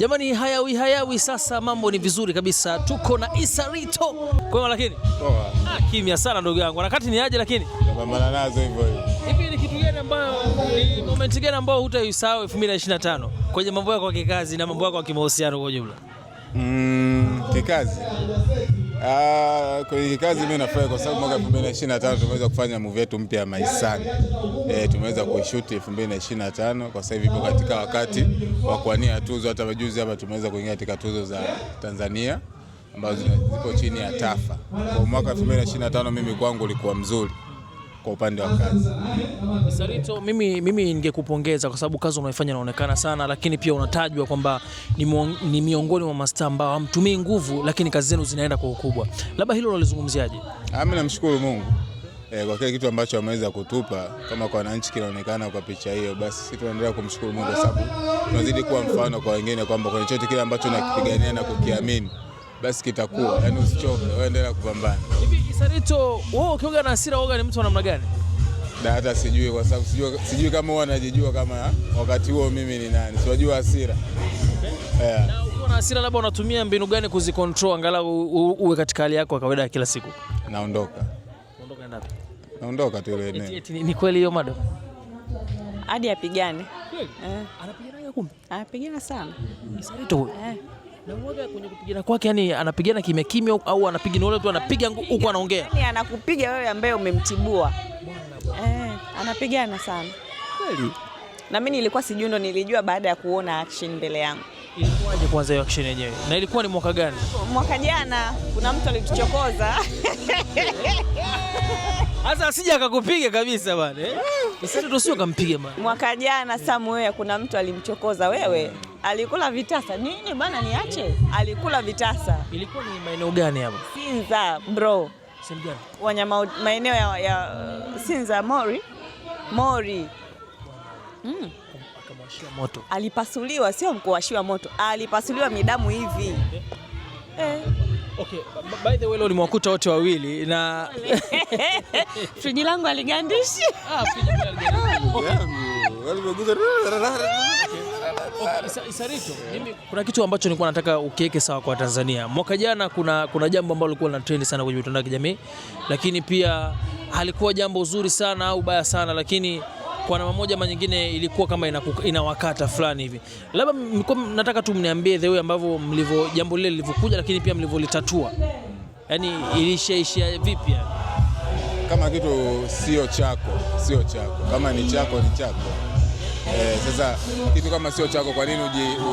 Jamani, hayawi hayawi, sasa mambo ni vizuri kabisa, tuko na Issa Rito kwema, lakini ah, kimya sana ndugu yangu, wakati ni aje, lakini hivi ni kitu gani ambayo ni moment gani ambayo hutaisahau 2025 kwenye mambo yako ya kikazi na mambo yako ya kimahusiano kwa ujumla? Mm, kikazi Ah, kwenye kazi mimi nafurahi kwa sababu mwaka 2025 tumeweza kufanya movie yetu mpya ya Maisani. Eh, tumeweza kuishuti 2025 kwa sasa hivi ipo katika wakati wa kuania tuzo. Hata majuzi hapa tumeweza kuingia katika tuzo za Tanzania ambazo zipo chini ya TAFA. Kwa mwaka 2025 mimi kwangu ulikuwa mzuri kwa upande wa kazi. Sarito, mimi, mimi ningekupongeza kwa sababu kazi unaifanya inaonekana sana, lakini pia unatajwa kwamba ni miongoni mwa mastaa ambao hamtumii nguvu, lakini kazi zenu zinaenda kwa ukubwa. Labda hilo unalizungumziaje? Ah, mimi namshukuru Mungu e, kwa kile kitu ambacho ameweza kutupa kama kwa wananchi kinaonekana kwa picha hiyo, basi sisi tunaendelea kumshukuru Mungu kwa sababu tunazidi kuwa mfano kwa wengine kwamba kwenye chote kile ambacho nakipigania na kukiamini basi kitakuwa, yani usichoke, wewe endelea kupambana. Hivi Isarito, wewe ukioga na hasira, woga ni mtu wa namna gani? Na hata sijui kwa sababu sijui, sijui kama wewe unajijua kama wakati huo mimi ni nani, siwajua hasira okay. yeah. Na uko na hasira, labda unatumia mbinu gani kuzicontrol angalau uwe katika hali yako ya kawaida ya kila siku? Naondoka. Unaondoka ndapi? Naondoka tu ile eneo. Ni kweli hiyo madam? Hadi apigane. Kweli? Eh. Anapigana kumbe? Anapigana sana. Sarito huyo. Eh. Na mmoja kwenye kupigana kwake, yani anapigana kimya kimya au anapiga ule tu anapiga huko anaongea. Yaani anakupiga wewe ambaye umemtibua. Eh, anapigana sana. Kweli. Na mimi nilikuwa sijui, ndo nilijua baada ya kuona action mbele yangu. Ilikuwaje kwanza hiyo action yenyewe? Na ilikuwa ni mwaka gani? Mwaka jana kuna mtu alituchokoza. Sasa asije akakupiga kabisa bwana. Eh? sio kampiga bana. Mwaka jana Samu wewe kuna mtu alimchokoza wewe. Alikula vitasa. Nini bana niache? Alikula vitasa. Ilikuwa ni maeneo gani hapo? Sinza bro. Sinza. Wanyama maeneo ya, ya Sinza Mori. Mori. Mm. Akamwashia moto. Alipasuliwa, sio mkuwashiwa moto. Alipasuliwa midamu hivi. Eh. eh. Okay, by the way leo nimewakuta wote wawili na friji langu aligandishi. Ah, friji langu. Yaani Sarito, mimi kuna kitu ambacho nilikuwa nataka ukiweke sawa kwa Tanzania. Mwaka jana kuna, kuna jambo ambalo lilikuwa lina trend sana kwenye mitandao ya kijamii, lakini pia halikuwa jambo zuri sana au baya sana, lakini kwa namna moja ama nyingine ilikuwa kama inawakata fulani hivi. Labda mlikuwa nataka tu mniambie the way ambavyo mlivyo jambo lile lilivyokuja, lakini pia mlivyolitatua, yaani ilishaishia vipi? Kama kitu sio chako sio chako, kama ni chako ni chako. Eh, sasa kitu kama sio chako, kwa nini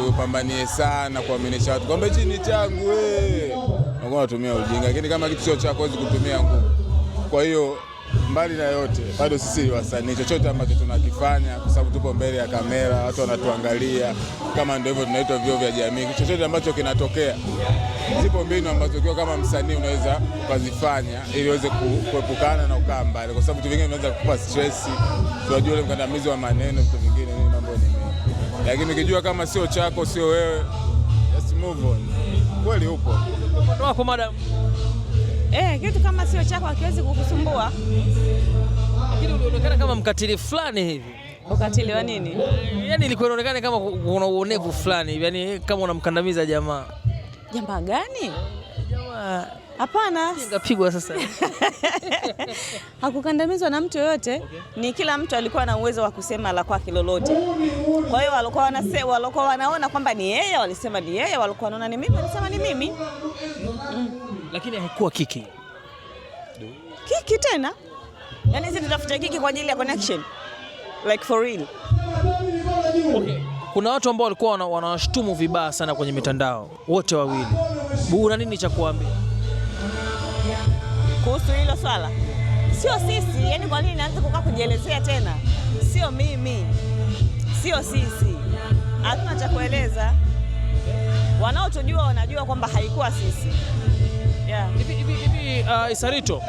upambanie sana kuaminisha watu kwamba hichi ni changu? Eh? unatumia ujinga, lakini kama kitu sio chako huwezi kutumia nguvu. Kwa hiyo mbali na yote, bado sisi ni wasanii, chochote ambacho tunakifanya, kwa sababu tupo mbele ya kamera, watu wanatuangalia, kama ndio hivyo tunaitwa vio vya jamii. Chochote ambacho kinatokea, zipo mbinu ambazo ukiwa kama msanii unaweza ukazifanya ili uweze kuepukana na ukaa mbali, kwa sababu vitu vingine vinaweza kukupa stress. Tunajua ule mkandamizi wa maneno, vitu vingine nini, mambo ni mengi, lakini ukijua kama sio chako, sio wewe, just move on. Kweli upo wako madam Eh, kitu kama sio chako hakiwezi kukusumbua. Lakini ulionekana kama mkatili fulani hivi. Ukatili wa nini? Yaani ilikuwa inaonekana kama kuna uonevu fulani, yaani kama unamkandamiza jamaa. Jamaa gani? Jamaa Hapana, ingapigwa sasa. Hakukandamizwa na mtu yoyote, Ni kila mtu alikuwa na uwezo wa kusema la kwake lolote. Kwa hiyo walikuwa wanasema, walikuwa wanaona kwamba ni yeye, walisema ni yeye, walikuwa wanaona ni mimi, walisema ni mimi mm. Lakini hakuwa kiki kiki tena, yaani sisi tutafuta kiki kwa ajili ya connection like for real. Okay. Kuna watu ambao walikuwa wanawashtumu vibaya sana kwenye mitandao wote wawili. una nini cha kuambia? kuhusu hilo swala, sio sisi. Yani kwa nini naanza kukaa kujielezea tena? Sio mimi, sio sisi, hatuna cha kueleza. Wanaotujua wanajua kwamba haikuwa sisi hivi yeah. Uh, Isarito,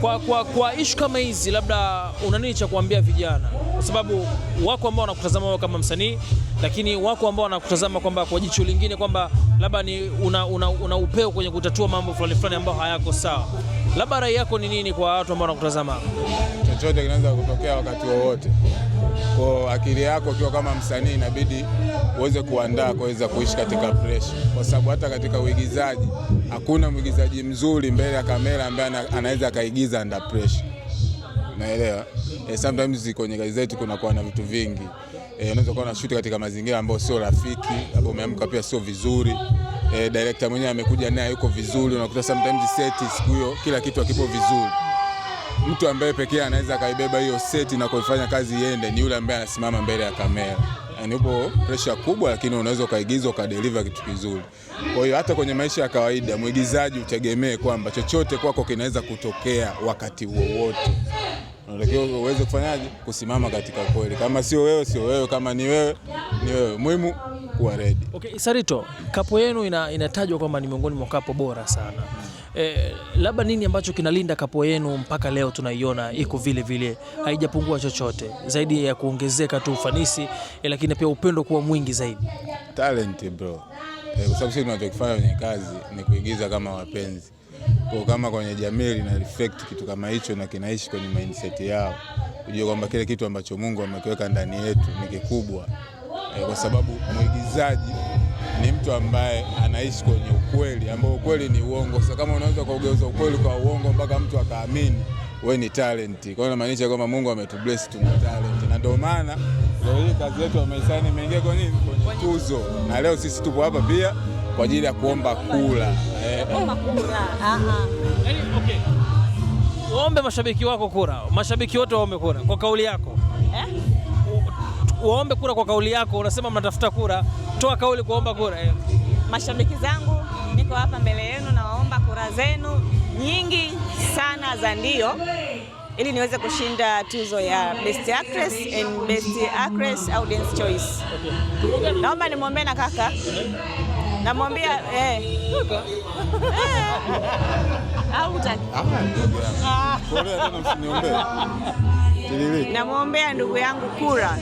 kwa, kwa, kwa ishu kama hizi, labda una nini cha kuambia vijana, kwa sababu wako ambao wanakutazama wewe kama msanii, lakini wako ambao wanakutazama kwamba kwa jicho lingine kwamba labda ni una, una, una upeo kwenye kutatua mambo fulani fulani ambayo hayako sawa. Labda rai yako ni nini kwa watu ambao wanakutazama? Chochote kinaweza kutokea wakati wowote, kwa akili yako ukiwa kama msanii inabidi uweze kuandaa kuweza kuishi katika pressure, kwa sababu hata katika uigizaji hakuna mwigizaji mzuri mbele ya kamera ambaye anaweza akaigiza under pressure. Naelewa e, eh, sometimes kwenye kazi zetu kunakuwa na vitu vingi e, unaweza kuwa na shoot katika mazingira ambayo sio rafiki, labda umeamka pia sio vizuri eh, director mwenyewe amekuja naye yuko vizuri, unakuta sometimes set siku hiyo kila kitu hakipo vizuri. Mtu ambaye pekee anaweza akaibeba hiyo set na kuifanya kazi iende ni yule ambaye anasimama mbele ya kamera. Yani upo pressure kubwa, lakini unaweza ukaigiza ukadeliver kitu kizuri. Kwa hiyo hata kwenye maisha ya kawaida mwigizaji utegemee kwamba chochote kwako kinaweza kutokea wakati wowote unatakiwa uweze kufanyaje? Kusimama katika kweli. Kama sio wewe, sio wewe. Kama ni wewe, ni wewe. Muhimu kuwa redi. Okay, Sarito, kapo yenu ina, inatajwa kwamba ni miongoni mwa bora sana e, labda nini ambacho kinalinda kapo yenu mpaka leo tunaiona iko vile vile, haijapungua chochote zaidi ya kuongezeka tu ufanisi e, lakini pia upendo kuwa mwingi zaidi. Talent bro, eh, kwa sababu sisi tunachokifanya kwenye kazi ni kuigiza kama wapenzi kwa kama kwenye jamii lina reflect kitu kama hicho na kinaishi kwenye mindset yao, ujue kwamba kile kitu ambacho Mungu amekiweka ndani yetu ni kikubwa eh, kwa sababu mwigizaji ni mtu ambaye anaishi kwenye ukweli ambao ukweli ni uongo. Sasa kama unaweza kuugeuza ukweli kwa uongo mpaka mtu akaamini we ni talenti, kwa hiyo inamaanisha kwamba Mungu ametubless tuna talent, na ndio maana leo hii kazi yetu ya maishani kwa nini kwenye tuzo, na leo sisi tupo hapa pia kwa ajili ya kuomba kula eh, eh. Yaani, waombe mashabiki wako kura, mashabiki wote waombe kura kwa kauli yako eh? waombe kura kwa kauli yako. Unasema mnatafuta kura, toa kauli kuomba kura. Eh, mashabiki zangu, niko hapa mbele yenu, nawaomba kura zenu nyingi sana za ndio ili niweze kushinda tuzo ya Best Actress and Best Actress Audience Choice. Okay. Naomba nimwombee na kaka, namwambia eh. eh. Namwombea ndugu yangu kura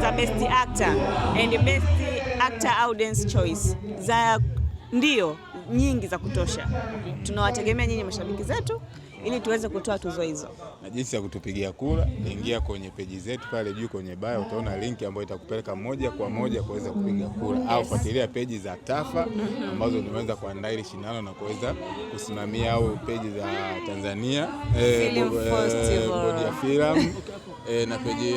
za best actor and best actor audience choice za ndio nyingi za kutosha. Tunawategemea nyinyi mashabiki zetu ili tuweze kutoa tuzo hizo. Na jinsi ya kutupigia kura, ingia kwenye peji zetu pale juu kwenye bio, utaona linki ambayo itakupeleka moja kwa moja kuweza kupiga kura yes. Au fuatilia peji za Tafa ambazo tumeweza kuandaa ile shindano na kuweza kusimamia, au peji za Tanzania eh, eh bodi ya filamu e, na peji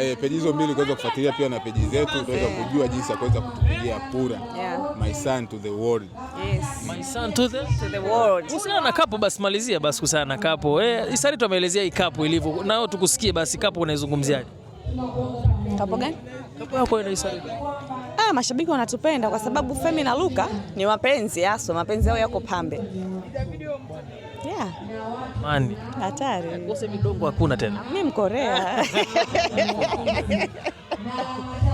e, peji hizo mbili kuweza kufuatilia pia na peji zetu kuweza kujua jinsi ya kuweza kutupigia kura yeah. My son to the world. Yes. My son to the, to the world. Kuhusiana na kapu basi malizia basi kuhusiana na kapu. Eh, Isari tumeelezea hii kapu ilivyo. Na wewe tukusikie basi kapu unaizungumziaje? Kapu gani? Kapu yako ina Isari. Ah, mashabiki wanatupenda kwa sababu Femi na Luka ni mapenzi hasa, mapenzi yao yako pambe. Amani. Hatari. Kose midongo hakuna tena. Mimi Mkorea.